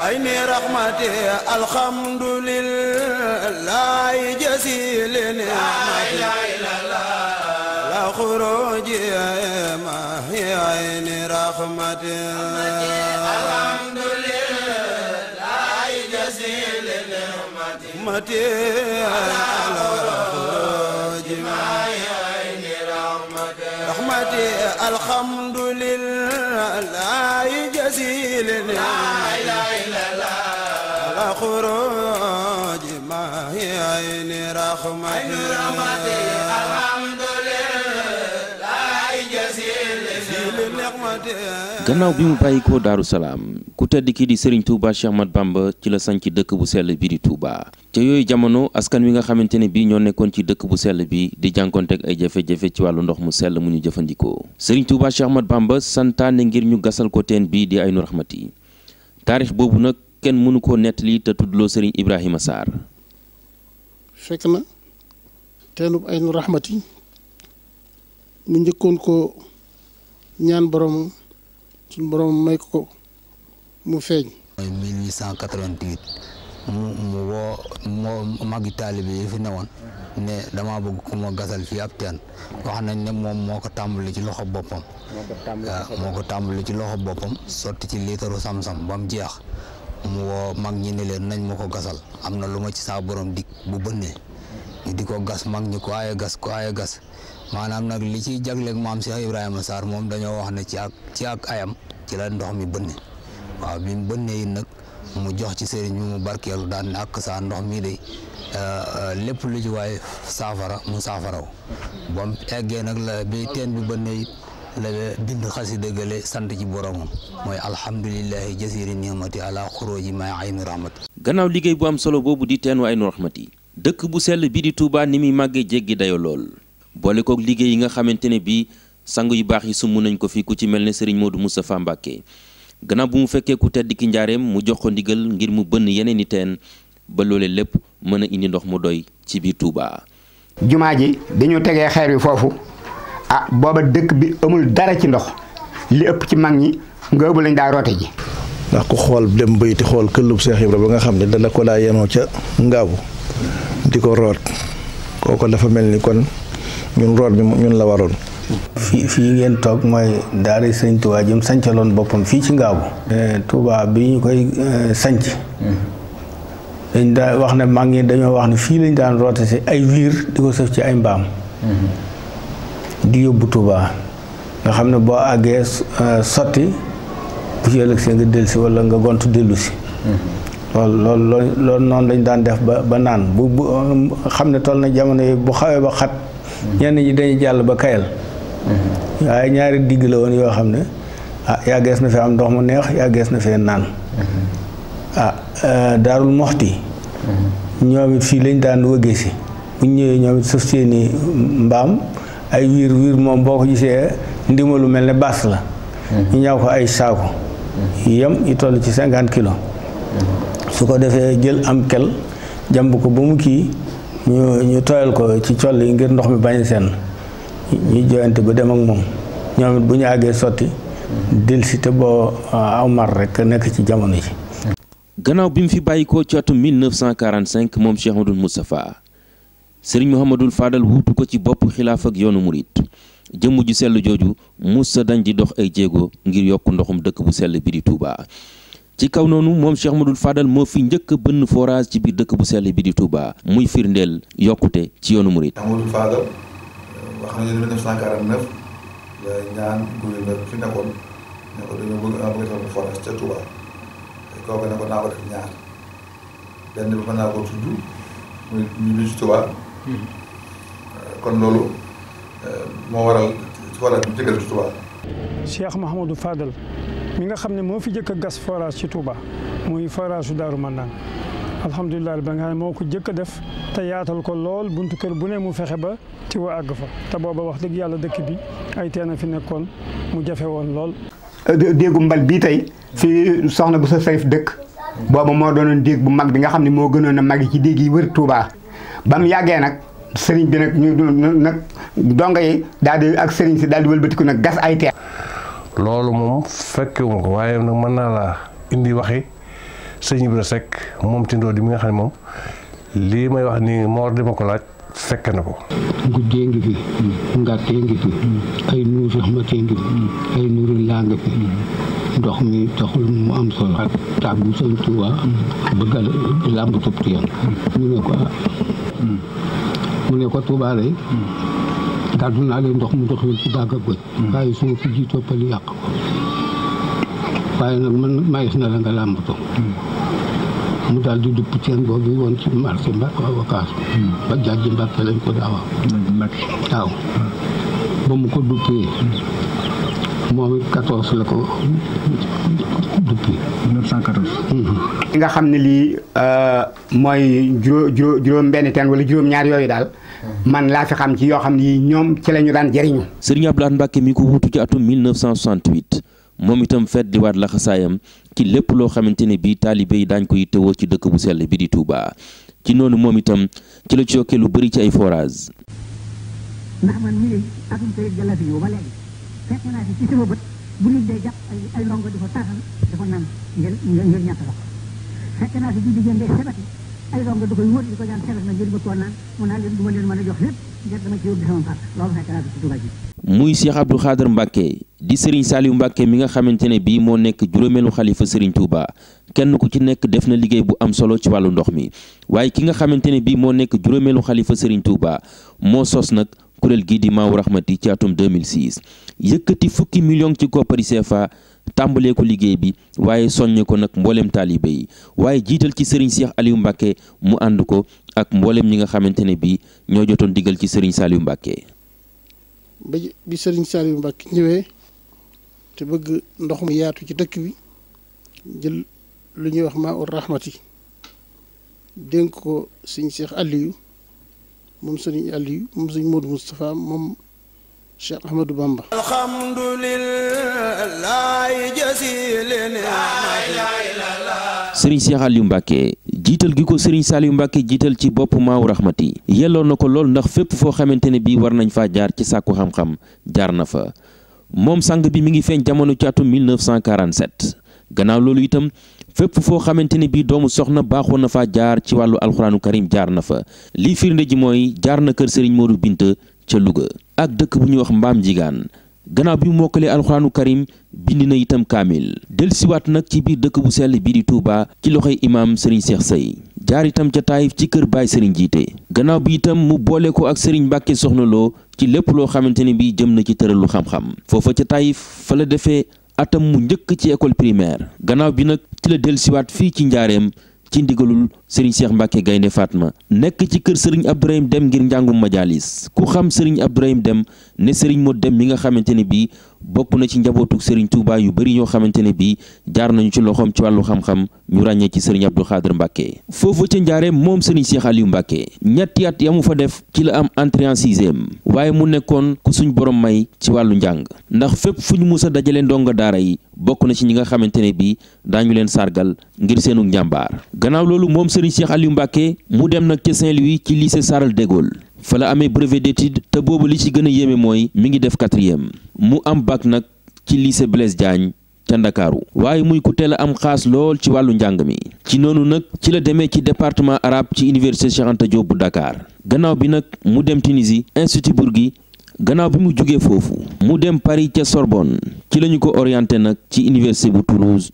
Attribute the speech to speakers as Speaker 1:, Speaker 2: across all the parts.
Speaker 1: عيني رحمتي الحمد لله جزيل نعمتي لا اله خروجي ما هي عيني رحمتي الحمد لله جزيل نعمتي لا خروجي ما هي نعمتي الحمد لله جزيل لا إله إلا الله خروج ما هي عين رحمتي
Speaker 2: gannaaw bi mu bàyyi ko daaru salaam ku tedd kii di Serigne Touba Cheikh Ahmad Bamba ci la sañ ci dëkk bu sell bii di Touba ca yooyu jamono askan wi nga xamante ne bii ñoo nekkoon ci dëkk bu sell bi di jànkonteeg ay jafe-jafe ci wàllu ndox mu sell mu ñu jëfandikoo Serigne Touba Cheikh Ahmad Bamba santaane ngir ñu gasal ko teen bii di Aynu Rahmati taarix boobu nag kenn mënu koo nettali te tuddloo Serigne Ibrahima Sarr.
Speaker 3: fekk ñaan borom suñu borom may ko mu feeñ.
Speaker 4: mooy 1888 mu mu woo moo magi taalibe yi fi newoon ne damaa bëgg ku ma gasal fii ab ten wax nañ ne moom moo ko tàmbali ci loxo boppam. waaw moo ko tàmbali ci loxo boppam sotti ci liitaru sam-sam jeex mu woo mag ñi ne leen nañ ma ko gasal am na lu ma ci saa borom dik bu bënnee ñu di ko gas mag ñi ko aaye gas ko aaye gas. maanaam nag li ciy jagleeg maam Cheikh Ibrahima saar moom dañoo wax ne ci ak ci ak ayam ci la ndox mi bënne waaw bi mu bënnee nag mu jox ci sëriñ bi mu barkeelu daan ne ak saa ndox mii de euh, euh, lépp lu ci waay saafara mu saafaraw ba mu eggee nag la bi teen bi bënnee it la bind xasi dëggale sant ci boromam mooy alhamdulilahi jasiri ni'mati ala xuróoji may aynu rahmat
Speaker 2: gannaaw liggéey bu am solo boobu di teen wa aynu rahmat dëkk bu sell bi di Touba ni muy màggee jéggi dayo lool boole kook liggéey yi nga xamante ne bii sang yu baax yi sumb nañ ko fi ku ci mel ne Serigne Modou Moustapha Mbacké gannaaw bu mu fekkee ku tedd ki njaareem mu jox ko ndigal ngir mu bënn yeneen iteen ba loole lépp mën a indi ndox mu doy ci biir tuubaa
Speaker 5: jumaa ji dañu tegee xeer wi foofu ah booba dëkk bi amul dara ci
Speaker 6: ndox li ëpp ci mag ñi nga ëpp lañ daa roote ji. ndax ku xool dem bayti xool këllub Seex Ibra ba nga xam ne dana ko daa yenoo ca ngaabu di ko dafa mel ni kon. ñun root bi ñun la waroon. fii fii ngeen toog mooy daara sëñ Touba jëm sancaloon boppam fii ci Ngaabu. Eh, tubaa bi ñu koy eh, sañc
Speaker 3: mm-hmm.
Speaker 6: dañ daa wax ne mag ñi dañoo wax ne fii lañ daan roote si ay wiir di ko sëf ci ay mbaam.
Speaker 7: Mm-hmm.
Speaker 6: di yóbbu Touba nga xam ne boo àggee eh, sotti bu ci ëllëg see nga dellusi wala nga gont dellusi.
Speaker 3: Mm-hmm.
Speaker 6: loolu loolu loolu noonu lañ daan def ba ba naan bu bu xam ne toll na jamono yi bu xawee ba xat. ñenn ñi dañuy jàll ba kayal mm-hmm. waaye ñaari digg la woon yoo xam ne ah yàggees na fi am ndox mu neex yàggees na fee naan mm-hmm. ah euh, daarul moxti mm-hmm. ñoom fii lañ daan wëggee si bu ñu ñëwee ñoom it sëf seeni mbaam ay wiir wiir moom boo ko gisee ndimalu mel ne baas la ñu ñaw ko ay saako yem yi toll ci cinquante kilos su ko defee jël am kel jàmb ko ba mu kii ñu ñu tooyal ko ci col yi ngir ndox mi bañ seen ñu joyante ba dem ak moom ñoom it bu ñu àggee sotti dil si te boo amar ah, rek nekk ci jamono ji
Speaker 2: gannaaw bi mu fi bàyyikoo ci atum 1945 moom Cheikh Ahmadoul faa sëriñ Mouhamadul Fadal wuutu ko ci bopp xilaaf ak yoonu murit jëmm ju sell jooju Moussa dañ di dox ay jéego ngir yokk ndoxum dëkk bu sell bi di Touba ci kaw noonu moom Cheikh Madul Fadal moo fi njëkk bënn forage ci biir dëkk bu sell bi di Touba muy firndeel yokkute ci yoonu murit.
Speaker 8: Cheikh Madul Fadal euh, wax ñaan gouverneur fi nekkoon ne ko naa ko def ñaar benn bi mën naa ko tudd muy ñu ci Touba. Hmm. Euh, kon loolu euh, moo waral forage bi njëkk a def Touba.
Speaker 3: Cheikh Mahamadou Fadal mi nga xam ne moo fi jëkk a gas forage ci Touba muy forage su Daaru Mannaan alhamdulilah ba nga moo ko jëkk a def te ko lool buntu kër bu ne mu fexe ba ci wa àgg fa te booba wax dëgg yàlla dëkk bi ay teen a fi nekkoon mu jafe woon lool.
Speaker 5: déegu mbal bii tey fi soxna bu sa sayf dëkk booba moo doonoon déeg bu mag bi nga xam ne moo gënoon a mag ci déeg yi wër Touba bam yàggee nag. sëriñ bi nag ñu nag donga yi daal di ak sëriñ si daal di wëlbatiku nag gas ay teer
Speaker 9: loolu moom fekkewuma ko waaye nag mën naa laa indi waxi sëñ Ibra Seck moom Tindoo di mi nga moom lii may wax nii moor di ma ko na ko guddee ngi
Speaker 6: ndox mi taxul mu am solo ak tàggu sëñ Tuubaa bëgg a làmb tub ñu ne ko ah. mu ne ko Touba hmm. day gàddu naa leen ndox mu dox leen ci dàgg ak hmm. waaye su ma fi jiitoo pali yàq waaye nag man mayis na la nga làmbatoo hmm. mu daal di dupp teen boobu woon ci marché Mbàkke Wakaas ba jàjji Mbàkke lañ ko daawa waaw ba mu ko duppee moom it 14 la ko
Speaker 9: duppi 1914
Speaker 5: nga xam ne lii euh, mooy juróom juróom benn teen wala juróom ñaar yooyu daal man laa fi xam ci yoo xam ni ñoom ci la ñu daan jëriñu.
Speaker 2: Serigne Abdoulaye Mbacke mi ko wutu ci atum 1968 moom itam fet di waat laxasaayam ci lépp loo xamante ne bii taalibe yi daañ koy tëwoo ci dëkk bu sell bi di Touba ci noonu moom itam ci la ci yokkee lu bëri ci ay forage
Speaker 4: mu naa leen du ma leen
Speaker 2: muy Cheikh Abdou Khadre Mbacké di Serigne Saliou Mbacké mi nga xamante ne bii moo nekk juróomeelu xalifa Serigne Touba kenn ku ci nekk def na liggéey bu am solo ci wàllu ndox mi waaye ki nga xamante ne bii moo nekk juróomeelu xalifa Serigne Touba moo sos nag kuréel gii di Maawu Rahmati ci atum 2006 yëkkati fukki million ci koppari CFA tàmbalee ko liggéey bi waaye soññe ko nag mbooleem taalibe yi waaye jiital ci Serigne Cheikh Aliou Mbacké mu ànd ko ak mbooleem ñi nga xamante ne bii ñoo jotoon diggal ci Serigne Saliou Mbacké.
Speaker 3: ba bi Serigne Saliou Mbacké ñëwee te bëgg ndox mu yaatu ci dëkk bi jël lu ñuy wax maa ur rahmati dénk ko Serigne Cheikh Aliou moom Serigne Aliou moom Serigne Modou Moustapha moom Cheikh Ahmadou Bamba
Speaker 2: sëriñ Cheikh Aliou Mbacke jiital gi ko sëriñ Saliou Mbacke jiital ci bopp maaw raxmati yelloon na ko lool ndax fépp foo xamante ne bii war nañ faa jaar ci sàkku xam-xam jaar na fa moom sang bi mu ngi feeñ jamono ci atum 1947 gannaaw loolu itam fépp foo xamante ne bii doomu soxna baaxoon na faa jaar ci wàllu alxuraanu karim jaar na fa lii firnde ji mooy jaar na kër sëriñ Modou Binta ca Louga ak dëkk bu ñuy wax mbaam jigaan gannaaw bi mu mokkalee alxuraanu karim bind na itam kaamil dellusiwaat nag ci biir dëkk bu sell bii di Touba ci loxo imaam Serigne Cheikh Sey jaar itam ca Taïf ci kër baay Serigne jiite gannaaw bi itam mu boole ko ak Serigne Mbacke Soxna Lo ci lépp loo xamante ne bii jëm na ci tëralu xam-xam foofa ca Taïf fa la defee atam mu njëkk ci école primaire gannaaw bi nag ci la dellusiwaat fii ci njaareem ci ndigalul sëriñ Cheikh mbake Gaynde Fatma Nek ci sering serigne ibrahim Dem ngir njangum majalis, ku xam serigne ibrahim Dem ne sering Modou Dem mi nga xamanteni bi bokku na ci njabotuk serigne Touba yu bari ño xamanteni ne jaar nañu ci loxom ci walu xam-xam ñu ragne ci serigne Abdou Khader mbake fofu ci njaare mom serigne Cheikh Aliou mbake ñetti at yamu fa def ci la am entrée en 6e waye mu nekkon ku suñ borom may ci walu njang ndax fep fu ñu dajale ndonga daara yi bokku na ci ñi nga xamanteni bi dañu sargal ngir seenu njambar gannaaw lolu mom Serigne Cheikh yu Mbacké mu dem nag ca Saint-Louis ci lycée Charles de Gaulle fa la amee brevet d'étude te boobu li ci gën a yéeme mooy mi ngi def quatrième mu am bac nag ci lycée Blaise Diagne ca Ndakaaru waaye muy ku teel a am xaas lool ci wàllu njàng mi ci noonu nag ci la demee ci département arabe ci université Cheikh Anta bu Dakar gannaaw bi nag mu dem Tunisie institut gi gannaaw bi mu jógee foofu mu dem Paris ca Sorbonne ci lañu ko orienté nag ci université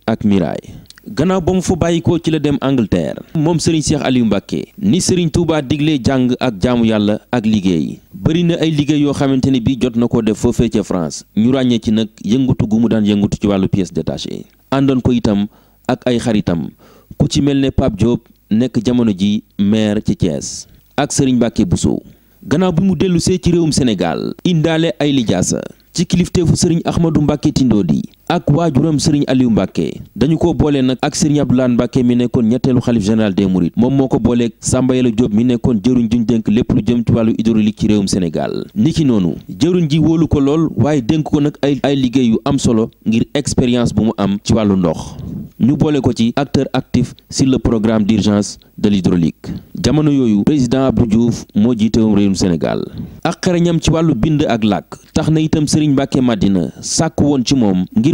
Speaker 2: ak Mirail gannaaw ba mu fa bàyyikoo ci la dem Angleterre moom Serigne Cheikh Aliou Mbacké ni Serigne Touba digle jàng ak jaamu yàlla ak liggéey bëri na ay liggéey yoo xamante ne bii jot na ko def foofee ca France ñu ràññee ci nag yëngatu gu mu daan yëngatu ci wàllu pièces détachées àndoon ko itam ak ay xaritam ku ci mel ne Pape Diop nekk jamono ji maire ci Thiès ak Serigne Mbacké Bousso gannaaw bi mu dellu see ci réewum Sénégal indaale ay lijaasa ci kilifteefu Serigne Ahmadou Mbacké Tindodi ak waajuram sëriñ Aliou Mbacke dañu ko boole nag ak sëriñ Abdoulaye mi nekkoon ñetteelu xalif général des Mourides moom moo ko booleeg Samba Yalla Diop mi nekkoon jëruñ juñ dénk lépp lu jëm ci wàllu hydraulique ci réewum Sénégal ni ki noonu jëruñ ji wóolu ko lool waaye dénk ko nag ay ay liggéey yu am solo ngir expérience bu mu am ci wàllu ndox ñu boole ko ci acteur actif sur le programme d'urgence de l'hydraulique jamono yooyu président Abdou Diouf moo jiitewoon réewum Sénégal ak ci wàllu bind ak làkk tax na itam sëriñ Mbacke Madina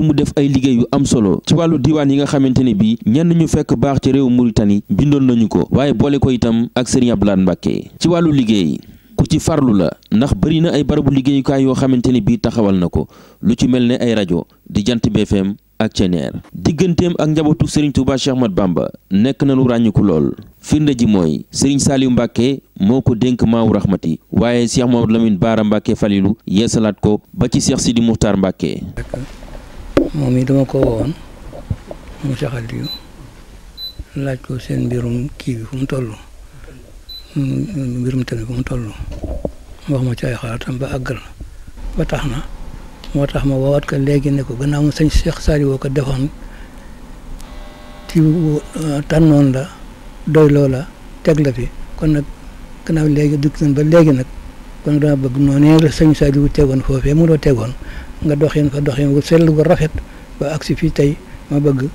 Speaker 2: mu def ay liggéey yu am solo ci wàllu diiwaan yi nga xamante ne bii ñenn ñu fekk baax ci réew Mauritanie bindoon nañu ko waaye boole ko itam ak Serigne Abdoulaye Mbacké ci wàllu liggéey ku ci farlu la ndax bëri na ay barabu liggéeyukaay yoo xamante ne bii taxawal na ko lu ci mel ne ay rajo di jant BFM ak ceneer digganteem ak njabootu sëriñ Touba Cheikh Ahmad nekk na lu ràññiku lool firnde ji mooy sëriñ Saliou Mbacké moo ko dénk maawu raxmati waaye Cheikh Mamadou Lamine Baara Mbacké Falilou ko ba ci Cheikh Sidi
Speaker 4: moom it dama ko woon mu saxal yu laaj ko seen mbirum kii bi mu toll mbirum tamit fu mu toll wax ma ci ay xalaatam ba àggal ba tax na moo tax ma woowaat ko léegi ne ko gannaaw mu sëñ Cheikh Saliou woo ko defoon ci tànnoon la doy loo la teg la fi kon nag gannaaw léegi dugg nañ ba léegi nag kon dama bëgg noonee la sëñ Saliou tegoon foofee mu doo tegoon nga doxin fa doxin wu sel gu rafet ba aksi fi tay ma bëgg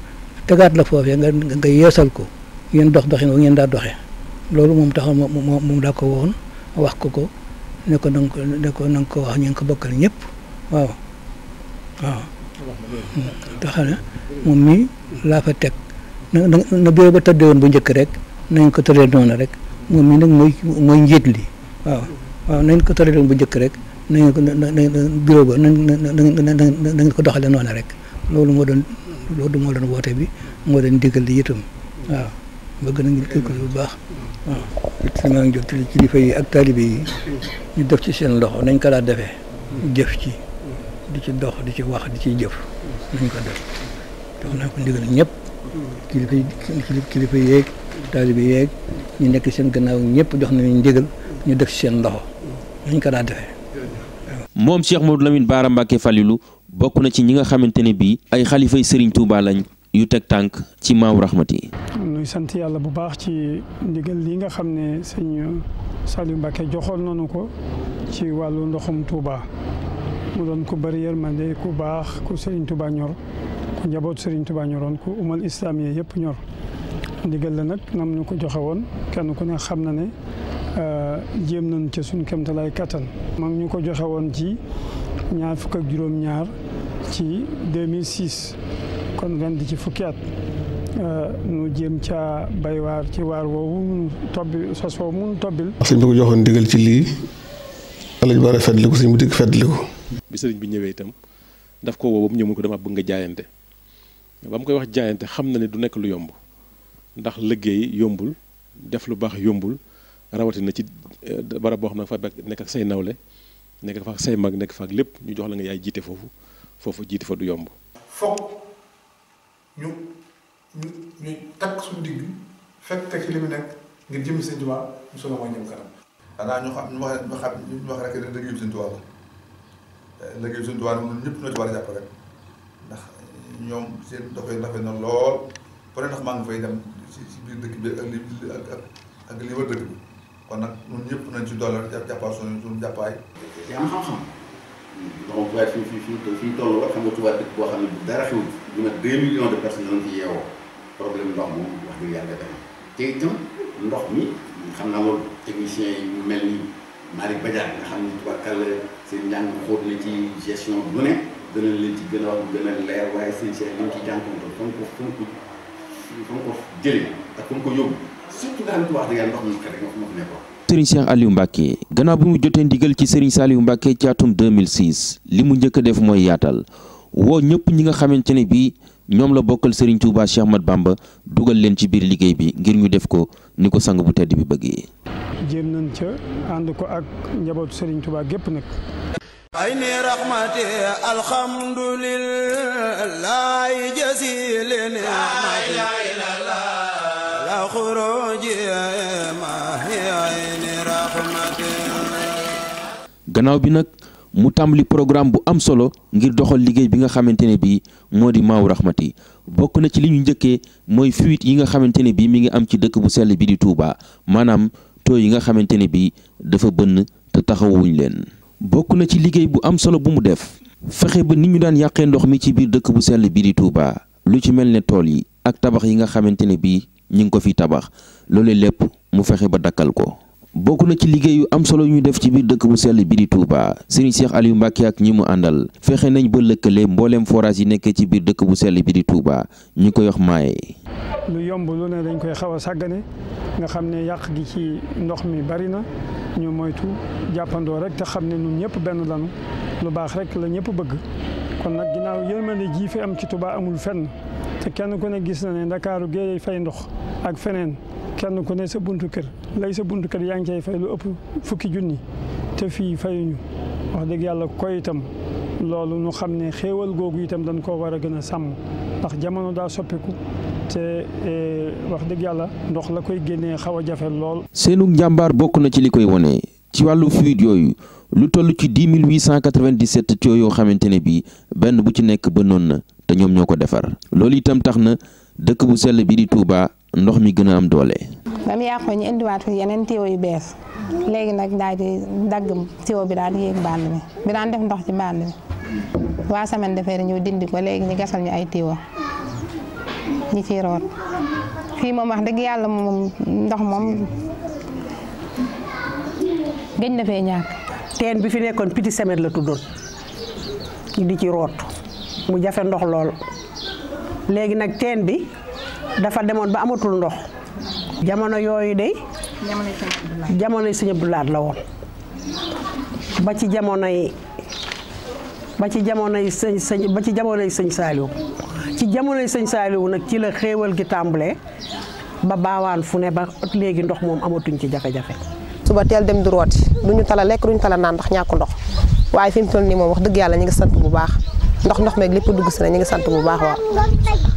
Speaker 4: tegaat la foofee nga nga yeesal ko ngeen dox doxin wa ngeen daa doxee loolu moom taxaw moom moom daa ko woon wax ko ko ne ko nang ko ne ko nang ko wax ñu ko bokkal ñëpp waaw waaw hmm. taxaw na moom mii laa fa teg na na ba tëddee woon bu njëkk rek nañ ko tëddee noonu rek moom mii nag mooy mooy njiit li waaw waaw nañ ko tëddee woon bu njëkk rek na ngeen ko na ngeen bureau ba na ngeen ko doxalee noonu rek loolu moo doon loolu moo doon woote bi moo doon digal li itam waaw bëgg na bu baax waaw. ngi jot ci kilifa yi ak taalibe yi ñu def ci seen loxo nañ ko laa defe jëf ci di ci dox di ci wax di ci jëf nañ ko def jox naa ko ndigal ñëpp kilifa yi kilifa yeeg taalibe yeeg ñu nekk seen gannaaw ñëpp jox nañu ndigal ñu def ci seen loxo nañ ko laa
Speaker 2: moom Cheikh Modou Lamine Baara Mbacke Falilou bokk na ci ñi nga xamante ne bii ay xalifay Serigne Touba lañ yu teg tànk ci maamu rahmat yi.
Speaker 3: nuy sant yàlla bu baax ci ndigal li nga xam ne sëñ Saliou Mbacke joxoon nañu ko ci wàllu ndoxum Touba mu doon ku bëri yërmande ku baax ku sëriñ Touba ñor ku njaboot Serigne Touba ñoroon ku umal islam yi yëpp ñor ndigal la nag nam ñu ko joxe woon kenn ku ne xam na ne. Euh, jéem nañ ca suñ kemtalaay kattan mag ñu ko joxewoon ci ñaar fukk ak juróom-ñaar ci kon ren di ci fukki at euh, nu jéem caa bay waar ci waar woowu tobbi sa woowu mun tobbil
Speaker 6: sëñ bi ko joxoon ndigal ci lii
Speaker 8: alañ war a fetliku sëñ bi dikk fetliku
Speaker 9: bi sëriñ bi ñëwee itam daf ko woo ba mu ñëw mu ko dama bëgg nga jaayante ba mu koy wax jaayante xam na ne du nekk lu yomb ndax liggéey yombul def lu baax yombul rawatina ci euh, barab boo xam ne fa nekk ak say nawle nekk fa ak say mag nekk fa ak lépp ñu jox la nga yaay jiite foofu foofu jiite fa du yomb.
Speaker 8: foog ñu ñu ñu takk suñu digg fekk teg ci li mu nekk ngir jëm seen tubaab mu solo mooy la euh, liggéeyu seen tubaab ñun ñëpp ñoo ci a jàpp ndax ñoom seen doxee rafet na lool peut-être ndax maa ngi fay dem ci ci biir dëkk bi ak li ak ak li wër dëkk bi. kon nag ñun ñëpp nañ ci dooleel jàppal suñu suñu jàppaay. yaa am xam-xam. donc waaye fii fii fii fii toll wax
Speaker 6: xam nga Touba dëkk boo xam ne dara xewul lu mat 2 millions de personnes lañ fi yeewoo problème ndox moom wax dëgg yàlla dafa te itam ndox mi xam naa loolu technicien yi mu mel ni Malick Badiane nga xam ni tubaakal seen njàng xóot na ci gestion bu ne danañ leen ci gën a wax gën a leer waaye seen seen liñ ci jànkuwante fa nga ko ko fa nga ko jëlee ak fa surtout nga xam ne wax
Speaker 2: dëgg yàlla gannaaw bi mu jotee ndigal ci Serigne Saliou Mbacke ci atum li mu njëkk def mooy yaatal woo ñëpp ñi nga xamante ne bii ñoom la bokkal Serigne Touba Cheikh Ahmad Bamba dugal leen ci biir liggéey bi ngir ñu def ko ni ko sang bu tedd bi bëggee.
Speaker 3: jéem nañ ca ànd ko ak njabootu Serigne Touba
Speaker 2: gannaaw bi nag mu tàmbali programme bu am solo ngir doxal liggéey bi nga xamante ne bii moo di maaw raxmati bokk na ci li ñu njëkkee mooy fuite yi nga xamante ne bii mi ngi am ci dëkk bu sell bi di Touba manaam tooy yi nga xamante ne bii dafa bënn te taxawuñ leen. bokk na ci liggéey bu am solo bu mu def fexe ba ni ñu daan yàqe ndox mi ci biir dëkk bu sell bi di Touba lu ci mel ne tool yi ak tabax yi nga xamante ne bii ñi ngi ko fi tabax loolu lépp mu fexe ba dakkal ko bokk na ci liggéeyu am solo yu ñu def ci biir dëkk bu sell bi di Touba Serigne Cheikh Aliou Mbacké ak ñi mu àndal fexe nañ ba lëkkalee mbooleem forage yi nekkee ci biir dëkk bu sell bi di Touba ñu koy wax maaye
Speaker 3: lu yomb lu ne dañ koy xaw a sàggane nga xam ne yàq gi ci ndox mi bari na ñu moytu jàppandoo rek te xam ne ñun ñëpp benn lanu lu baax rek la ñëpp bëgg kon nag ginnaaw yërmande ji fi am ci tubaa amul fenn te kenn ku ne gis na ne Ndakaaru géej ndox ak feneen kenn ku ne sa buntu kër lay sa buntu kër yaa ngi cay fay lu ëpp fukki junni te fii fayuñu wax dëgg yàlla koy itam loolu nu xam ne xéewal googu itam dañ koo war a gën a sàmm ndax jamono daa soppiku te e, wax dëgg yàlla ndox la koy génnee xaw a jafe lool.
Speaker 2: seenu njàmbaar bokk na ci li koy wone ci wàllu fuite yooyu lu toll ci 10 897 tuyaux yoo xamante ne bii benn bu ci nekk ba noon na te ñoom ñoo ko defar loolu itam tax na dëkk bu sell bi di tuubaa ndox mi gën a am doole.
Speaker 4: ba mu yàqoo ñu indiwaat fi yeneen tuyau yu bees léegi nag daal di dagg tuyau bi daal di yéeg mbànd mi bi daan def ndox ci mbànd mi waa semaine dafay ñëw dindi ko léegi ñu gasal ñu ay tuyau ñu ci root fii moom wax dëgg yàlla moom ndox moom gëj na fee ñàkk. teen bi fi nekkoon Petite Semaine la tuddoon di ci root mu jafe ndox lool léegi nag teen bi. dafa demoon ba amatul ndox jamono yooyu de jamonoy Sëñ Abdou Lahad la woon ba ci jamonoy ba ci jamonoy sëñ sëñ ba ci jamonoy sëñ Saaliw ci jamonoy sëñ Saaliw nag ci la xéewal gi tàmbule ba baawaan fu ne ba léegi ndox moom amatuñ ci jafe-jafe suba teel dem di rooti duñu tala lekk duñu tala naan ndax ñàkk ndox waaye fi mu nii moom wax dëgg yàlla ñu ngi sant bu baax ndox ndox meeg lépp dugg si na ñu ngi sant bu baax
Speaker 3: waaw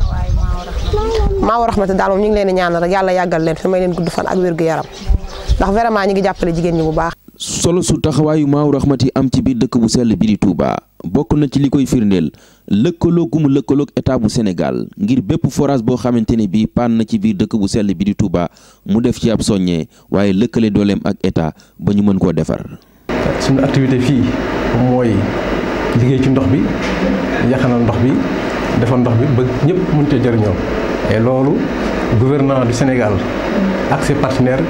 Speaker 4: maawa raxmati daal moom ñu leen di ñaanal rek yalla yagal leen fi may leen gudd fan ak wér gu yaram ndax vraiment ñu ngi jàppale jigéen ñi bu baax.
Speaker 2: solo su taxawaayu maaw rahmatu am ci bi dekk bu sel bi di Touba bokku na ci likoy firndel lekkolo gum gu état bu Sénégal ngir bép forage bo xamanteni bi pan na ci bi dekk bu sel bi di Touba mu def ci ab soññee waye lëkkale dolem ak état ba ñu mën ko défar
Speaker 9: suñu activité fi moy liggéey ci ndox bi yaxanal ndox bi defar ndox bi ba ñepp mën cee jarñoo et le gouvernement du Sénégal ak ses partenaires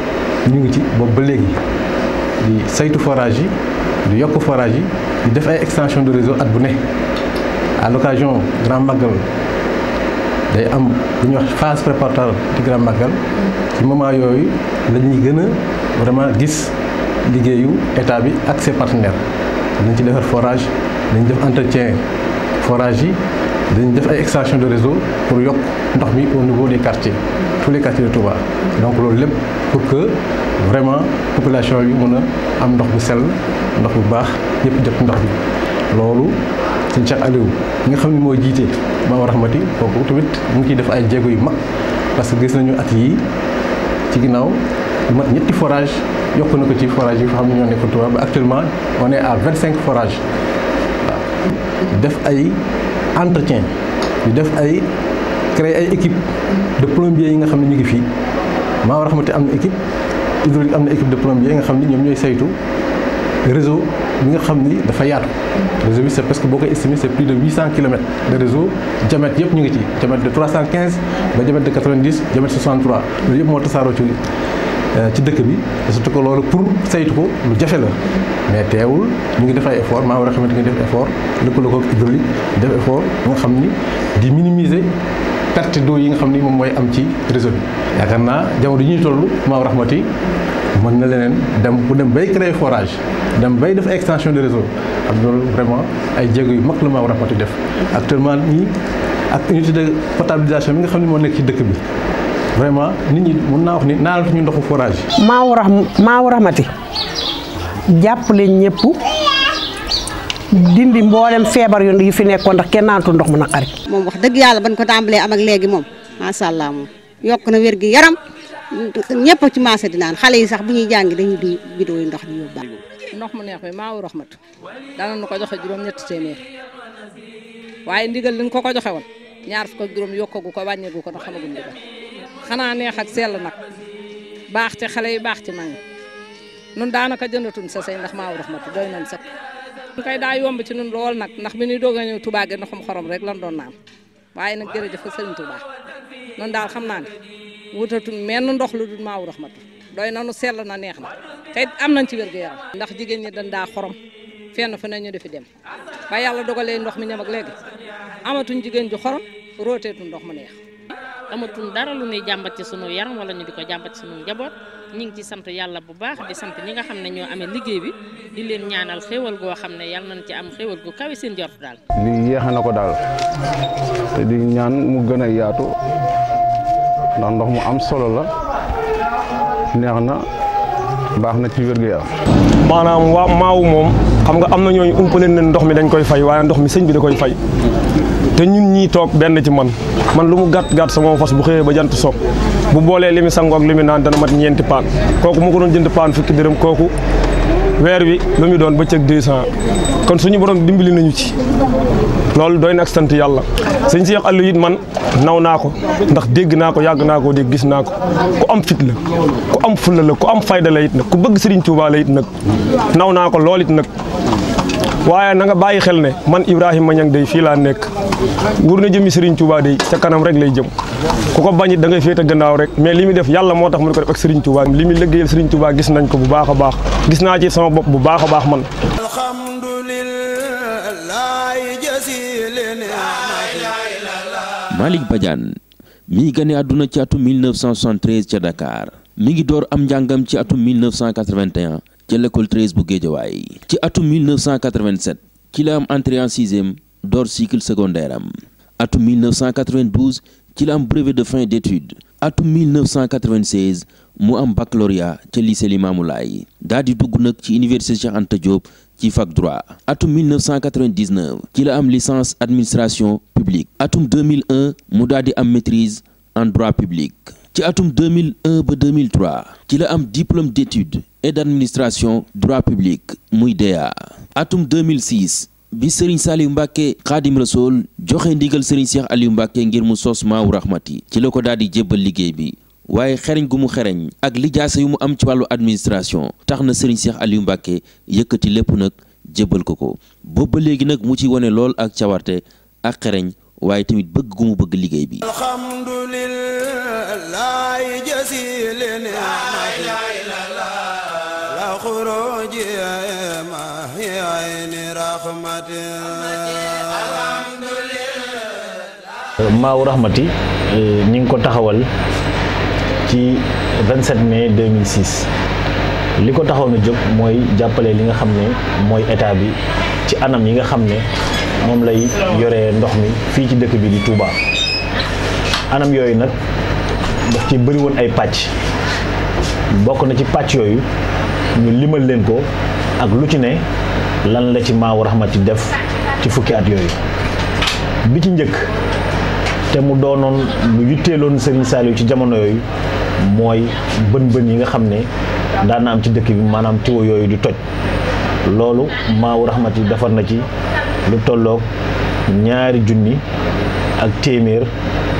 Speaker 9: ñu ngi ci que ba léegi di saytu forage yi di forage yi faire def extension de réseau at bu à l'occasion grand magal day am lu phase préparatoire du grand magal ci moment yooyu la ñuy a vraiment gis liggéeyu état bi ak ses partenaires dañ ci forage dañ def entretien forage nous extension de réseau pour dormir au niveau des quartiers tous les quartiers de Touba donc le pour que vraiment population yi am ndox bu sel ndox bu baax Nous ndox bi loolu nga def parce que gis nañu at ci forage ci forage Touba actuellement on est à 25 forages def entretien ñu def ay créer ay équipe de plombiers yi nga xam ne ñu ngi fii maa war xamante am na équipe hydraulique am na équipe de plombiers yi nga xam ni ñoom ñooy saytu réseau bi nga xam ni dafa yaatu réseau bi c'est parce que boo koy estimé c'est plus de 800 de réseau diamètre yëpp ñu ngi ci diamètre de 315 ba diamètre de 90 diamètre loolu yëpp moo tasaaroo ci Euh, ci dëkk bi surtout que loolu pour saytu ko lu jafe la mais teewul mu ngi def ay effort maa war a xamante nga def effort lëkkaloo ko hydraulique def effort nga xam ni di minimiser perte d'eau yi nga xam ni moom mooy am ci réseau bi yaakaar naa jamono ñuy toll maa rahmati mën na leneen dem bu dem bay créer forage dem bay def extension de réseau am loolu vraiment ay jéego yu mag la maa rahmati def actuellement nii ak unité de potabilisation bi nga xam ne moo nekk ci dëkk bi vraiment nit naa wax ni naanatuñu ndoxu forage. Maawu rax Maawu Rahmati
Speaker 4: jàppale dindi mboolem feebar yoon yi fi nekkoon ndax kenn naantu ndox mu naqari.
Speaker 1: moom wax dëgg yàlla bañ ko tàmbalee am ak léegi moom macha allah moom yokk na wér gi yaram ñëpp ci maasa di naan xale yi sax bu ñuy jàngi dañuy di bidon yu ndox di yóbbaale.
Speaker 4: ndox mu neex mi Maawu Rahmati dana nu ko joxe juróom-ñetti téeméer waaye ndigal li nga ko ko joxe woon ñaar fukk ak juróom yokkagu ko wàññeeku ko ndax xamaguñ ndigal. xanaa neex ak sell nag baax ci xale yi baax ci mag nun daanaka jëndatuñ sa sey ndax maaw raxmatu doy nañ sëkk daa yomb ci nun lool nag ndax bi ñuy doog a ñëw rek lan doon naan waaye nag jërëjëf sëriñ Touba nun daal xam naa ne wutatuñ menn ndox lu dul maaw raxmatu doy nanu sell na neex na te am nañ ci wér gu ndax jigéen ñi dañ daa xorom fenn fa ne ñu defi dem ba yàlla dogalee ndox mi ñam ak léegi amatuñ jigéen ju xorom rooteetu ndox mu neex amatul dara lu ñuy jàmbat ci suñu yaram wala ñu di ko jàmbat ci sunu njaboot ñu ngi ci sant yàlla bu baax di sant ñi nga xam ne ñoo amee liggéey bi di leen ñaanal xéewal goo xam ne yàlla nañ ci am xéewal gu kawi seen jort daal.
Speaker 7: lii yéex na ko daal te di ñaan mu gën a yaatu ndax ndox mu am solo la neex na baax na ci wér-gu-yaram.
Speaker 3: maanaam waa moom xam nga am na ñooñu umpale ne ndox mi dañ koy fay waaye ndox mi sëñ bi da koy fay. te ñun ñii toog benn ci man man lu mu gàtt gàtt sama fas bu xëyee ba jant soo bu boolee li mu sangoo ak li mu naan dana mat ñeenti paan kooku mu ko doon jënd paan fukki dërëm kooku weer wi lu mu doon bëccëg 200 kon suñu borom dimbali nañu ci loolu dooy na sant yàlla sëñ Cheikh àll it man naw naa ko ndax dégg naa ko yàgg naa ko dégg gis naa ko ku am fit la ku am fulla la ku am fayda la it nag ku bëgg Serigne Touba la it nag naw naa ko lool waaye na nga bàyyi xel ne man Ibrahima Niang day fii laa nekk wur na jëmi Serigne Touba day ca kanam rek lay jëm ko ko bañit da ngay féete gannaaw rek mais li muy def yàlla moo tax mu ko def ak Serigne Touba li muy liggéeyal Serigne Touba gis nañ ko bu baax a baax gis naa ci sama bopp bu baax a baax man
Speaker 2: Malick Badiane mi gane àdduna ci atum 1973 ca Dakar mi ngi door am njàngam ci atum 1981 de l'école 13 de ci 1987 j'ai entré entré entrée en sixième d'or cycle secondaire En 1992 qui la am brevet de fin d'études En 1996 mu un baccalauréat au lycée Limamou Laye daa à l'université université fac droit En 1999 j'ai la licence administration publique En 2001 mu dadi maîtrise en droit public En 2001 2003 j'ai la am diplôme d'études et d'administration droit public muy DEA atum 2006 bi Serigne Saliou Mbacke Xaadim Rasool joxe ndigal Serigne Cheikh Aliou Mbacke ngir mu sos Maawu Rahmati ci la ko daal di jébbal liggéey bi waaye xereñ gu mu xereñ ak lijaasa yu mu am ci wàllu administration tax na Serigne Cheikh Aliou Mbacke yëkkati lépp nag jébbal ko ko boobu ba léegi nag mu ci wane lool ak cawarte ak xereñ waaye tamit bëgg gu mu bëgg liggéey bi.
Speaker 1: jéema
Speaker 10: maawu raxmati eh, ñi ngi ko taxawal ci 27 mai 2006 li ko taxaw na jóg mooy jàppale li nga xam ne mooy état bi ci anam yi nga xam ne moom lay yore ndox mi fii ci dëkk bi di tuubaa anam yooyu nag daf ci bariwoon ay pàcc bokk na ci pàcc yooyu ñu limal leen ko ak lu ci ne lan la ci Maawu Rahmati def ci fukki at yooyu bi ci njëkk te mu doonoon lu seen Serigne Saliou ci jamono yooyu mooy bën bën yi nga xam ne daan am ci dëkk bi maanaam tiwo yooyu di toj loolu Maawu Rahmati defar na ci lu tollook ñaari junni ak téeméer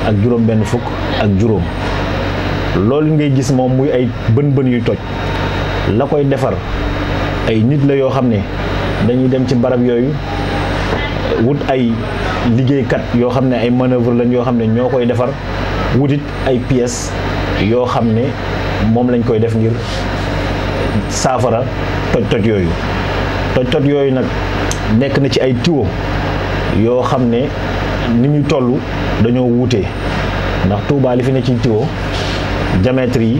Speaker 10: ak juróom benn fukk ak juróom loolu ngay gis moom muy ay bën bën yu toj la koy defar ay nit la yoo xam ne dañuy dem ci barab yooyu wut ay liggéeykat yoo xam ne ay manœuvre lañ yoo xam ne ñoo koy defar wutit ay pièces yoo xam ne moom lañ koy def ngir saafara toj-toj yooyu toj-toj yooyu nag nekk na ci ay tiwo yoo xam ne ni ñu toll dañoo wuute ndax Touba li fi ne ci tiwo diamètre yi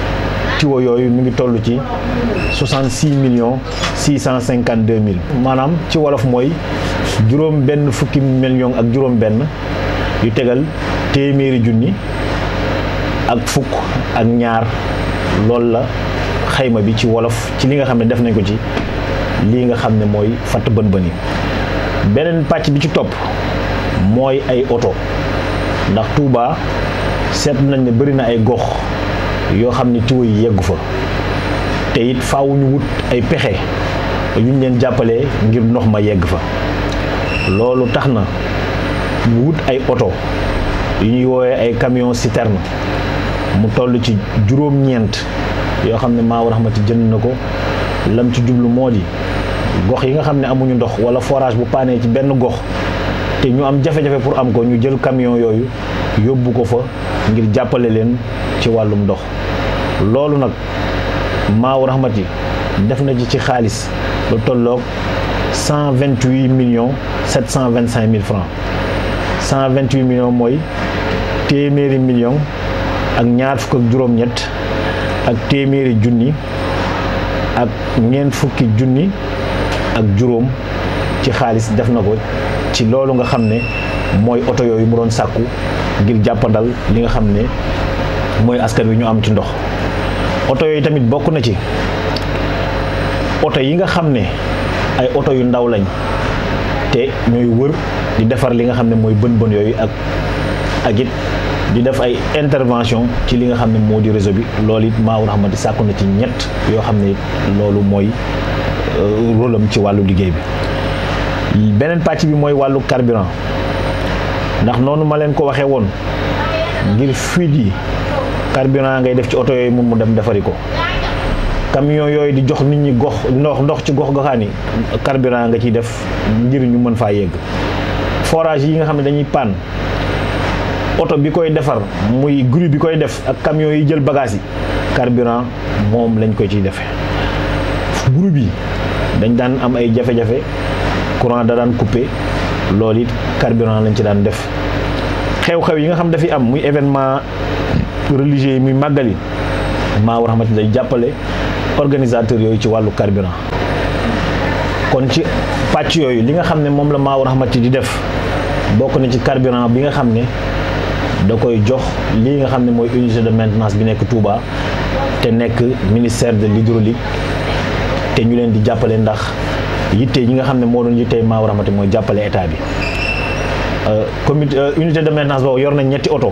Speaker 10: tiwo yooyu mi ngi toll ci 66 millions 652 mille maanaam ci wolof mooy juróom benn fukki million ak juróom benn yu tegal téeméeri junni ak fukk ak ñaar loolu la xayma bi ci wolof ci li nga xam ne def nañ ko ci lii nga xam ne mooy fatt bën bëni beneen pàcc bi ci topp mooy ay oto ndax Touba seet nañ ne bëri na ay gox yoo xam ne tuyau yi yeggu fa te it faaw ñu wut ay pexe ñu leen jàppale ngir ndox ma yegg fa loolu tax na ñu wut ay oto yu ñuy woowee ay camion citerne mu toll ci juróom-ñeent yoo xam ne Maawu Rahmati jënd na ko lam ci jublu moo di gox yi nga xam ne amuñu ndox wala forage bu paanee ci benn gox te ñu am jafe-jafe pour am ko ñu jël kamiyon yooyu yóbbu ko fa ngir jàppale leen ci wàllum ndox loolu nag maawu raxmati def na ci ci xaalis lu tolloog cent vingt huit millions sept cent vingt cinq mille francs cent vingt huit millions mooy téeméeri million ak ñaar fukk ak juróom-ñett ak téeméeri junni ak ñeent fukki junni ak juróom ci xaalis def na ko ci loolu nga xam ne mooy oto yooyu mu doon sàkku ngir jàppandal li nga xam ne mooy askan wi ñu am ci ndox oto yooyu tamit bokk na ci oto yi nga xam ne ay oto yu ndaw lañ te ñooy wër di defar li nga xam ne mooy bën bën yooyu ak ak it di def ay intervention ci li nga xam ne moo di réseau bi loolu it Maou Rahmati sàkku na ci ñett yoo xam ne loolu mooy euh, rôle am ci wàllu liggéey bi beneen pàcc bi mooy wàllu carburant ndax noonu ma leen ko waxee woon ngir fuite yi carburant ngay def ci oto yooyu moom mu dem defari ko camion yooyu di jox nit ñi gox ndox ndox ci gox goxaan yi carburant nga ciy def ngir ñu mën faa yegg forage yi nga xam ne dañuy panne oto bi koy defar muy grue bi koy def ak camion yi jël bagage yi carburant moom lañ koy ciy defee grue yi dañ daan am ay jafe-jafe courant da daan coupé loolu it carburant lañ ci daan def xew-xew yi nga xam dafi am muy événement religieux yi muy màggal yi Maawu Rahmati day jàppale organisateur yooyu ci wàllu carburant kon ci pàcc yooyu li nga xam ne moom la Maawu Rahmati di def bokk na ci carburant bi nga xam ne da koy jox lii nga xam ne mooy unité de maintenance bi nekk Touba te nekk ministère de l'hydraulique te ñu leen di jàppale ndax yitte yi nga xam ne moo doon yitte Maawu Rahmati mooy jàppale état bi euh, comité euh, unité de maintenance boobu yor nañ ñetti oto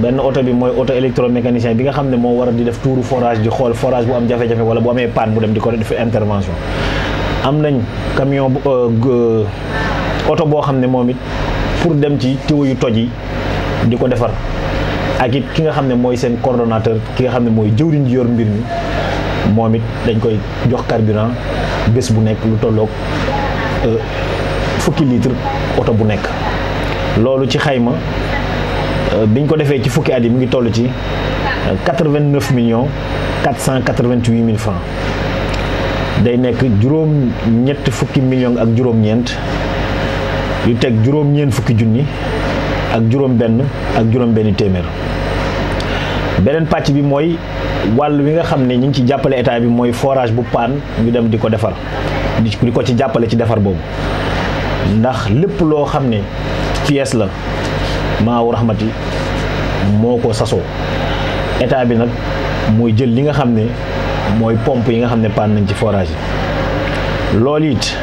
Speaker 10: ben auto bi moy auto électromécanicien bi nga xamné mo wara di def touru forage di xol forage bu am jafé jafé wala bu amé panne mu dem di ko def intervention am nañ camion bu auto euh, euh, bo xamné momit pour dem ci tiwo yu toji di ko defar ak ki nga xamné moy sen seen coordonnateur ki nga xamné moy jeuwriñ yor mbir mi momit dañ koy jox carburant bes bu nek lu euh fukki litre auto bu nek loolu ci xayma Euh, biñ ko defee ci fukki at yi mu ngi toll ci 89 euh, millions 488 mille francs day nekk juróom ñett fukki millions ak juróom yu teg juróom-ñeent fukki junni ak juróom-benn ak juróom-benn téeméer beneen pàcc bi mooy wàll wi nga xam ne ñu ngi ci jàppale état bi mooy forage bu paan ñu dem di ko defar di ko ci jàppale ci defar boobu ndax lépp loo xam ne pièce la. maawu raxmati moo ko sasoo état bi nag mooy jël li nga xam ne mooy pompe yi nga xam ne paan nañ ci forage yi loolu it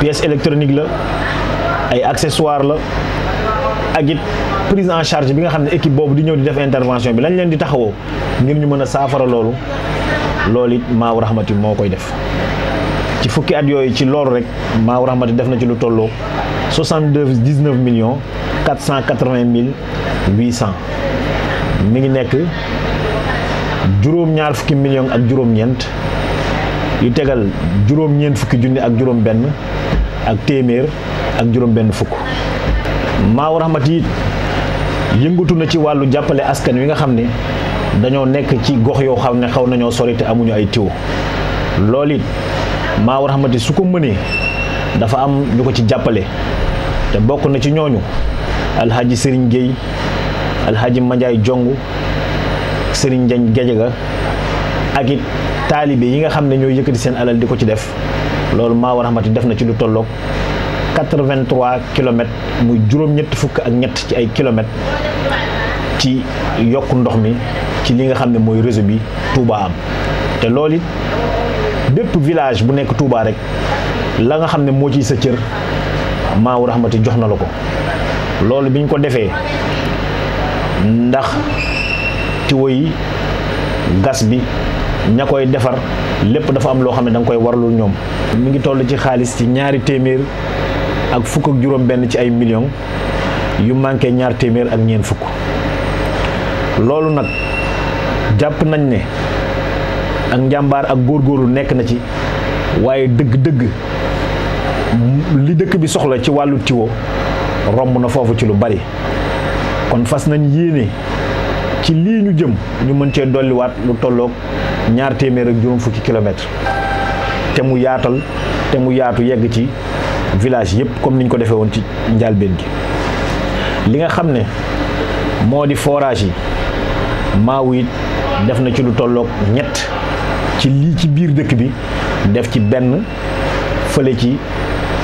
Speaker 10: pièce électronique la ay accessoire la ak it prise en charge bi nga xam ne équipe boobu di ñëw di def intervention bi lañ leen di taxawoo ngir ñu mën a saafara loolu loolu it maaw raxmati moo koy def ci fukki at yooyu ci loolu rek maaw raxmati def na ci lu tolloo soixante-deux dix-neuf millions quatre cent mille huit mi ngi nekk juróom-ñaar fukki million ak juróom-ñeent yu tegal juróom-ñeent fukki junni ak juróom-benn ak téeméer ak juróom-benn fukk Maawu Rahmati yëngatu na ci wàllu jàppale askan wi nga xam ne dañoo nekk ci gox yoo xaw ne xaw nañoo sori te amuñu ay tiwo loolu it Maawu Rahmati su ko mënee dafa am ñu ko ci jàppale te bokk na ci ñooñu alxaaji sëriñ géey alxaaji manjaay jong sëriñ jañ gajaga ak it taalibe yi nga xam ne ñoo yëkkati seen alal di ko ci def loolu Maou Rahmati def na ci lu tollook 83 kilomètres muy juróom-ñett fukk ak ñett ci ay kilomètres ci yokk ndox mi ci li nga xam ne mooy réseau bi Touba am te loolu it bépp village bu nekk tuuba rek la nga xam ne moo ciy sa cër Maou Rahmati jox na la ko loolu bi ñu ko defee ndax tiwo yi gas bi ña koy defar lépp dafa am loo xam ne da koy waralu ñoom mi ngi toll ci xaalis ci ñaari téeméer ak fukk ak juróom benn ci ay millions yu manqué ñaar téeméer ak ñeent fukk loolu nag jàpp nañ ne ak njàmbaar ak góorgóorlu nekk na ci waaye dëgg-dëgg li dëkk bi soxla ci wàllu tiwo romb na foofu ci lu bari kon fas nañ yéene ci lii ñu jëm ñu mën cee dolliwaat lu tolloog ñaar téeméer ak juróom fukki kilomètre te mu yaatal te mu yaatu yegg ci village yëpp comme niñ ko defee woon ci njàlbeen gi li nga xam ne moo di forage yi maawu it def na ci lu tolloog ñett ci lii ci biir dëkk bi def ci benn fële ci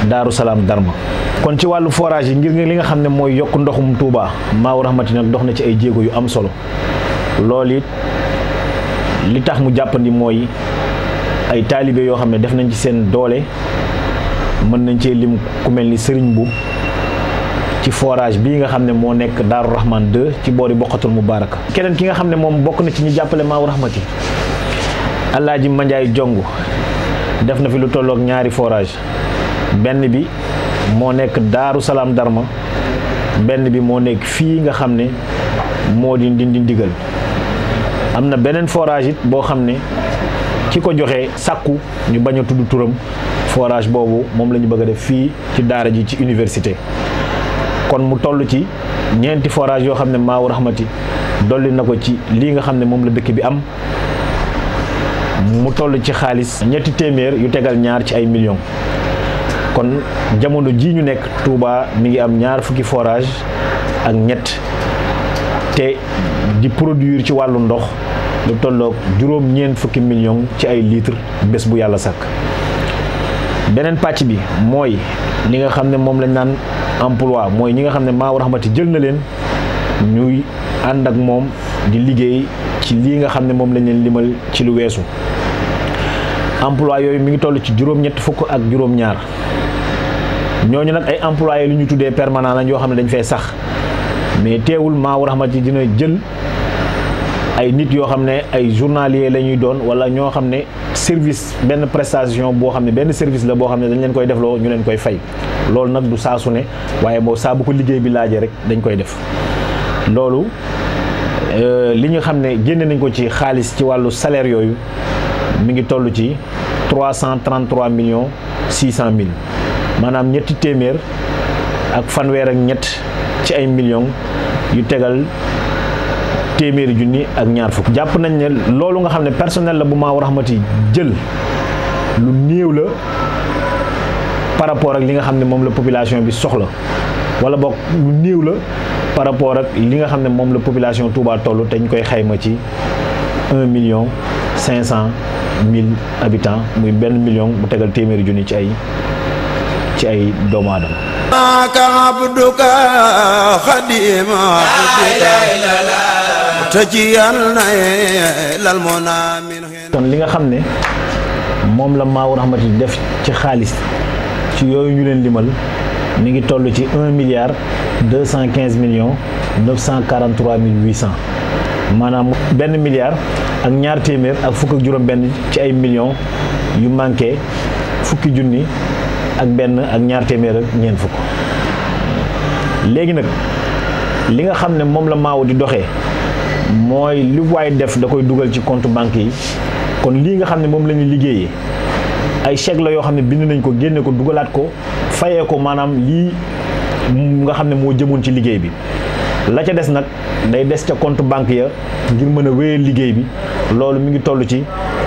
Speaker 10: Daaru Salaam Darma kon ci wàllu forage yi ngir li nga xam ne mooy yokk ndoxum Touba Maou Rahmati nag dox na ci ay jéego yu am solo loolu it li tax mu jàppandi mooy ay taalibe yoo xam ne def nañ ci seen doole mën nañ cee lim ku mel ni sëriñ bu ci forage bii nga xam ne moo nekk Daaru Rahman 2 ci boori Bokkatul Mubarak keneen ki nga xam ne moom bokk na ci ñi jàppale Maou Rahmati Alaaji Mandiaye Jong def na fi lu tollook ñaari forage benn bi moo nekk daaru salaam darma benn bi moo nekk fii nga xam ne moo di ndindi ndigal am na beneen forage it boo xam ne ki ko joxe sàkku ñu bañ tudd turam forage boobu moom la ñu bëgg a def fii ci daara ji ci université kon mu toll ci ñeenti forage yoo xam ne maawu raxmati dolli na ko ci lii nga xam ne moom la dëkk bi am mu toll ci xaalis ñetti téeméer yu tegal ñaar ci ay millions kon jamono ji ñu nek Touba mi ngi am ñaar fukki forage ak ñet te di produire ci walu ndox lu tollok juroom ñeen fukki million ci ay litre bes bu yalla sak benen patch bi moy li nga xamne mom lañ nane emploi mooy ñi nga xamne ma Maawu Rahmati jël na leen ñuy and ak mom di liggéey ci li nga xamne mom lañ leen limal ci lu wessu emploi yoy mi ngi toll ci juroom ñet fukk ak juroom ñaar ñooñu nag ay employé lu ñu tuddee permanent lañ yoo xam ne dañ fee sax mais teewul Maawu Rahmati dina jël ay nit yoo xam ne ay journalier la ñuy doon wala ñoo xam ne service benn prestation boo xam ne benn service la boo xam ne dañ leen koy defloo ñu leen koy fay loolu nag du saa ne waaye boo saa bu ko liggéey bi laajee rek dañ koy def loolu euh, li ñu xam ne génne nañ ko ci xaalis ci wàllu salaire yooyu mi ngi toll ci 333 millions 600 mille maanaam ñetti téeméer ak fanweer ak ñett ci ay millions yu tegal téeméeri junni ak ñaar fukk jàpp nañ ne loolu nga xam ne personnel la bu Maawu Rahmati jël lu néew la par rapport ak li nga xam ne moom la population bi soxla wala boog lu néew la par rapport ak li nga xam ne moom la population Touba toll te ñu koy xayma ci un million cinq cent mille habitants muy benn million bu tegal téeméeri junni ci ay ci ay doomu
Speaker 1: aadama ka abduka
Speaker 10: kon li nga xam ne moom la Maawu Rahmati def ci xaalis ci yooyu ñu leen limal mi ngi toll ci un milliard deux cent quinze millions neuf cent quarante mille huit maanaam benn milliard ak ñaar téeméer ak fukk ak juróom benn ci ay million yu manqué fukki junni ak benn ak ñaar téeméer ak ñeent fukk léegi nag li nga xam ne moom la Maaw di doxe mooy li waay def da koy dugal ci compte banque yi kon lii nga xam ne moom la ñuy liggéeyee ay chèque la yoo xam ne bind nañ ko génne ko dugalaat ko fayee ko maanaam lii nga xam ne moo jëmoon ci liggéey bi la ca des nag day des ca compte banque ya ngir mën a wéyal liggéey bi loolu mu ngi toll ci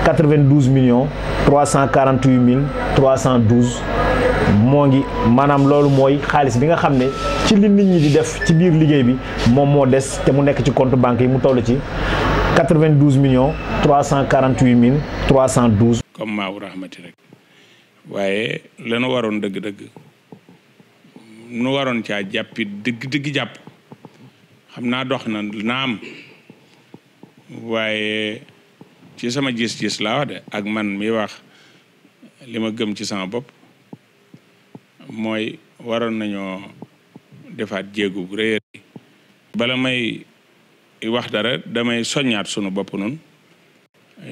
Speaker 10: 92 millions 348 mille 312 moo ngi maanaam loolu mooy xaalis bi nga xam ne ci li nit ñi di def ci biir liggéey bi moom moo des te mu nekk ci compte banque yi mu toll ci 92 millions 348 mille 312.
Speaker 7: comme maaw rahmati rek waaye lanu waroon dëgg-dëgg nu waroon caa jàppi dëgg-dëgg jàpp xam naa dox na naam waaye ci sama gis-gis laa wax de ak man mi wax. li ma gëm ci sama bopp mooy waroon nañoo defaat jéegu bu rëy bala may wax dara damay soññaat sunu bopp noonu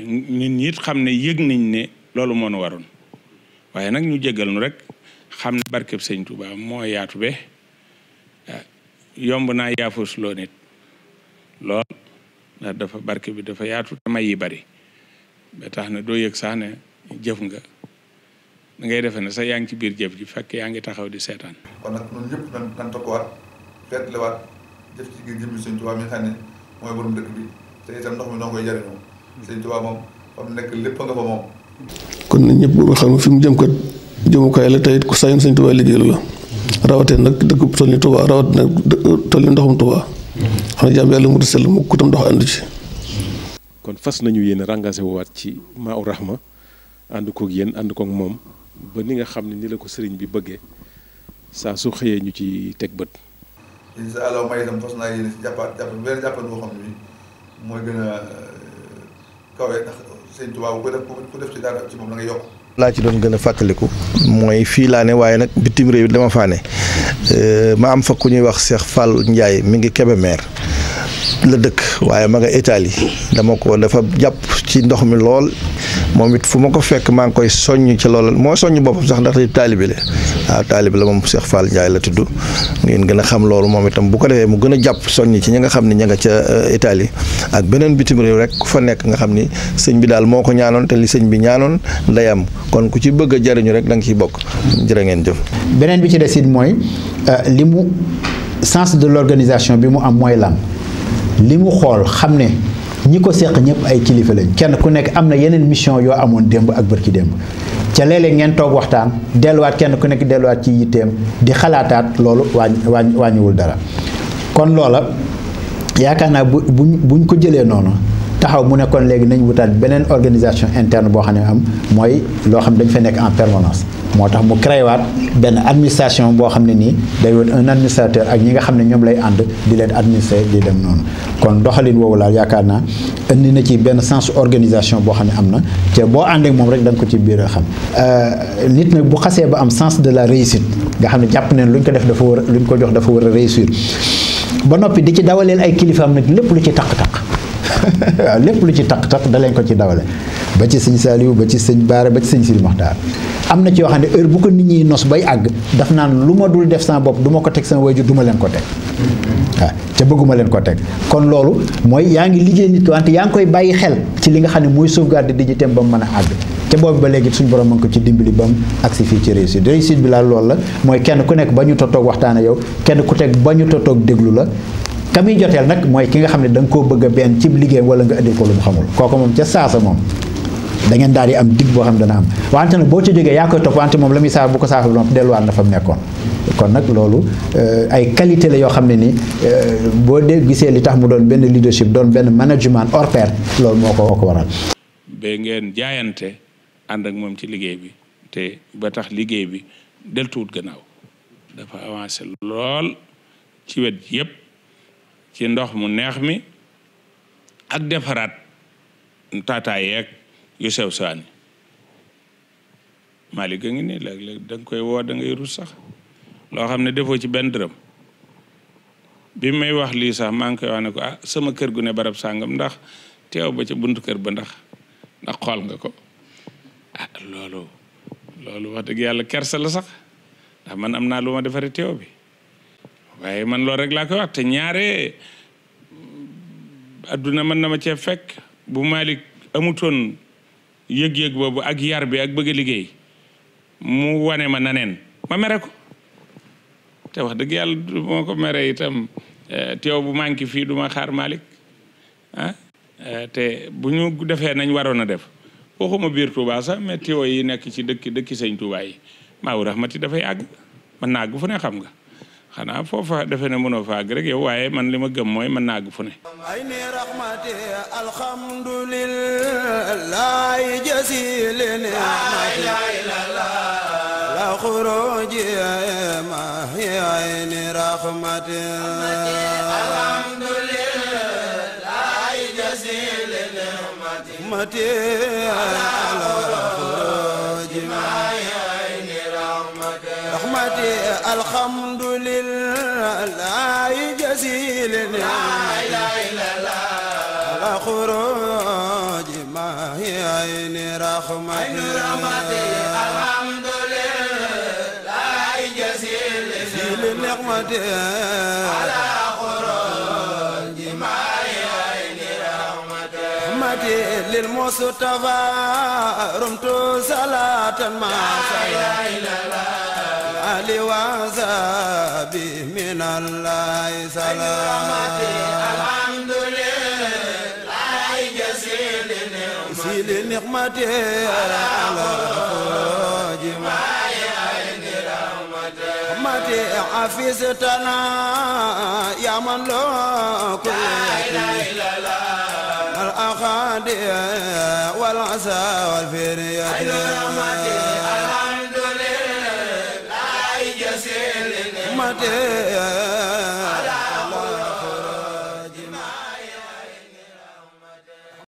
Speaker 7: nit it xam ne yëg nañ ne loolu moo nu waroon waaye nag ñu jégal nu rek xam ne barkeb sëñ Touba moo yaatu be yomb naa yaafus loo nit lool ndax dafa barke bi dafa yaatu tamay yi bari ba tax na doo yëg sax ne jëf nga da ngay defee ne sax yaa ngi ci biir jëf ji fekk yaa ngi taxaw di seetaan.
Speaker 8: kon nag ñun ñëpp nañ nañ tokkuwaat nekk lépp nga fa moom.
Speaker 6: kon nag ñëpp boobu xam fi mu jëm ko jëmukaay la tey ku sañoon Sëñ Tuubaa liggéeyal la hmm. rawatee nag dëkk toll ni Tuubaa rawatee nag toll ni ndoxum Tuubaa hmm. xam ne jàmm yàlla mu di sell mu kutam ndox àndu ci.
Speaker 9: kon fas nañu yéen a ràngase waat ci Maa-u Rahma ànd koog yéen ànd koog moom ba ni nga xam ne ni la ko sëriñ bi bëggee saa su xëyee ñu ci teg bët.
Speaker 8: mooy gën a euh, kawe ndax sëñ Tuubaa bu def ku def ci dara ci moom la yokk.
Speaker 6: laa ci doon gën a fàttaliku mooy fii ne waaye nag bitim réew dama faa ne euh, am fa ku ñuy wax Cheikh Fall Ndiaye mi ngi Kébémer la dëkk waaye ma nga Italie dama ko dafa jàpp ci ndox mi lool moom it fu ma ko fekk maa ngi koy soññ ci loolu moo soññ boppam sax ndax taalibe la waaw taalibe la moom Cheikh Fall Ndiaye la tudd ngeen gën a xam loolu moom itam bu ko defee mu gën a jàpp soññ ci ñi nga xam ne ña nga ca euh, Italie ak beneen bitim réew rek ku fa nekk nga xam ni sëñ bi daal moo ko ñaanoon te li sëñ bi ñaanoon day am kon ku ci bëgg a jariñu rek danga nga ciy bokk jërë ngeen jëf.
Speaker 5: beneen bi ci des it mooy euh, li mu sens de l'organisation bi mu am mooy lan li mu xool xam ne. ñi ko seq ñëpp ay kilifa lañ kenn ku nekk am na yeneen mission yoo amoon démb ak bërki démb ca léeg-léeg ngeen toog waxtaan delluwaat kenn ku nekk delluwaat ci yitteem di xalaataat loolu wàññ wàññiwul dara kon loola yaakaar naa bu buñ ko jëlee noonu taxaw mu nekkoon léegi nañ wutaat beneen organisation interne boo xam ne am mooy loo xam dañ fa nekk en permanence moo tax mu créé waat benn administration boo xam ne nii day woon un administrateur ak ñi nga xam ne ñoom lay ànd di leen administrer di dem noonu kon doxalin woowu laal yaakaar naa indi na ci benn sens organisation boo xam ne am na te boo àndeek moom rek da ko ci biir a xam euh, nit nag bu xasee ba am sens de la réussite nga xam ne jàpp neen luñ ko def dafa war lu ñu ko jox dafa war a réussir ba noppi di ci dawaleel ay kilifaam nag lépp lu ci taq-taq waaw lépp lu ci taq taq da ko ci dawale ba ci sëñ Saliou ba ci sëñ Baare ba sëñ Sidi Moxtaar am na ci yoo xam ne heure bu ko nit ñi nos bay àgg daf naan lu ma dul def sama bopp du ma ko teg sama wayjur du leen ko teg waaw te bëgguma leen ko teg kon loolu mooy yaa ngi liggéey nit ki wante yaa ngi koy bàyyi xel ci li nga xam ne mooy di dignité ba mu mën a àgg te boobu ba léegi suñu borom ma ko ci dimbali ba mu agsi fii ci réussite réussite bi laa lool la mooy kenn ku nekk ba ñu totoog waxtaan yow kenn ku teg ba ñu totoog déglu la ka muy joteel mooy ki nga xam ne da koo bëgg benn cib liggéeyam wala nga indil ko lu xamul kooku moom ca saasa moom da ngeen daal di am dig boo xam dana am wante nag boo ci jógee yaa koy topp wante moom la muy saafara bu ko saafara ba delluwaat na fa mu nekkoon. kon nag loolu euh, ay qualité la yoo xam ne ni euh, boo dee gisee li tax mu doon benn leadership doon benn management hors pair loolu moo ko ko waral.
Speaker 7: ba ngeen jaayante ànd ak moom ci liggéey bi te ba tax liggéey bi deltuwut gannaaw dafa avancé lool ci wet yépp ci ndox mu neex mi ak defaraat taataayeeg. yu sani, malikeng Malick a ngi nii léeg-léeg da koy wo da ngay rus sax lo xamne defo ci ben dërëm bi may wax li sax man koy wax ne ko ah sama kër gu ne barab sangam ndax tew ba ci buntu kër ba ndax ndax xol nga ko ah lolu lolu wax deug yalla kersa la sax ndax man amna luma defare tew bi waye man lo rek la koy wax te ñaare aduna man na ma ci fek bu malik yëg-yëg boobu ak yar bi ak bëgg a liggéey mu wane ma naneen ma mere ko te wax dëgg yàlla du ma ko mere itam eh, teew bu manqué fii du ma xaar Malick ah, eh, te bu ñu defee nañ waroon a def waxuma biir Touba sax mais teew yi nekk ci dëkki dëkki sëñ Touba yi maawu raxmati dafay àgg mën naa àgg fu ne xam nga xanaa foofa defe ne mënoo fa yow waaye man li ma gëm mooy mën naa àgg fu ne
Speaker 1: ay jasili ni'mati la xuruji ma hiya jasili ni'mati la xuruji الحمد لله جزيل لا إله إلا الله على خروج ما هي عين رحمة عين رحمة الحمد لله جزيل جزيل نعمة للمصطفى رمت صلاة ما لا إله إلا الله علي لوازابي من الله سلام الحمد لله اي جزيل نعمتي نعمتي على خروج ما عين رحمتي رحمتي حفظتنا يا من لو اله الا الله الاخادي والعسى والفريات رحمتي Yeah.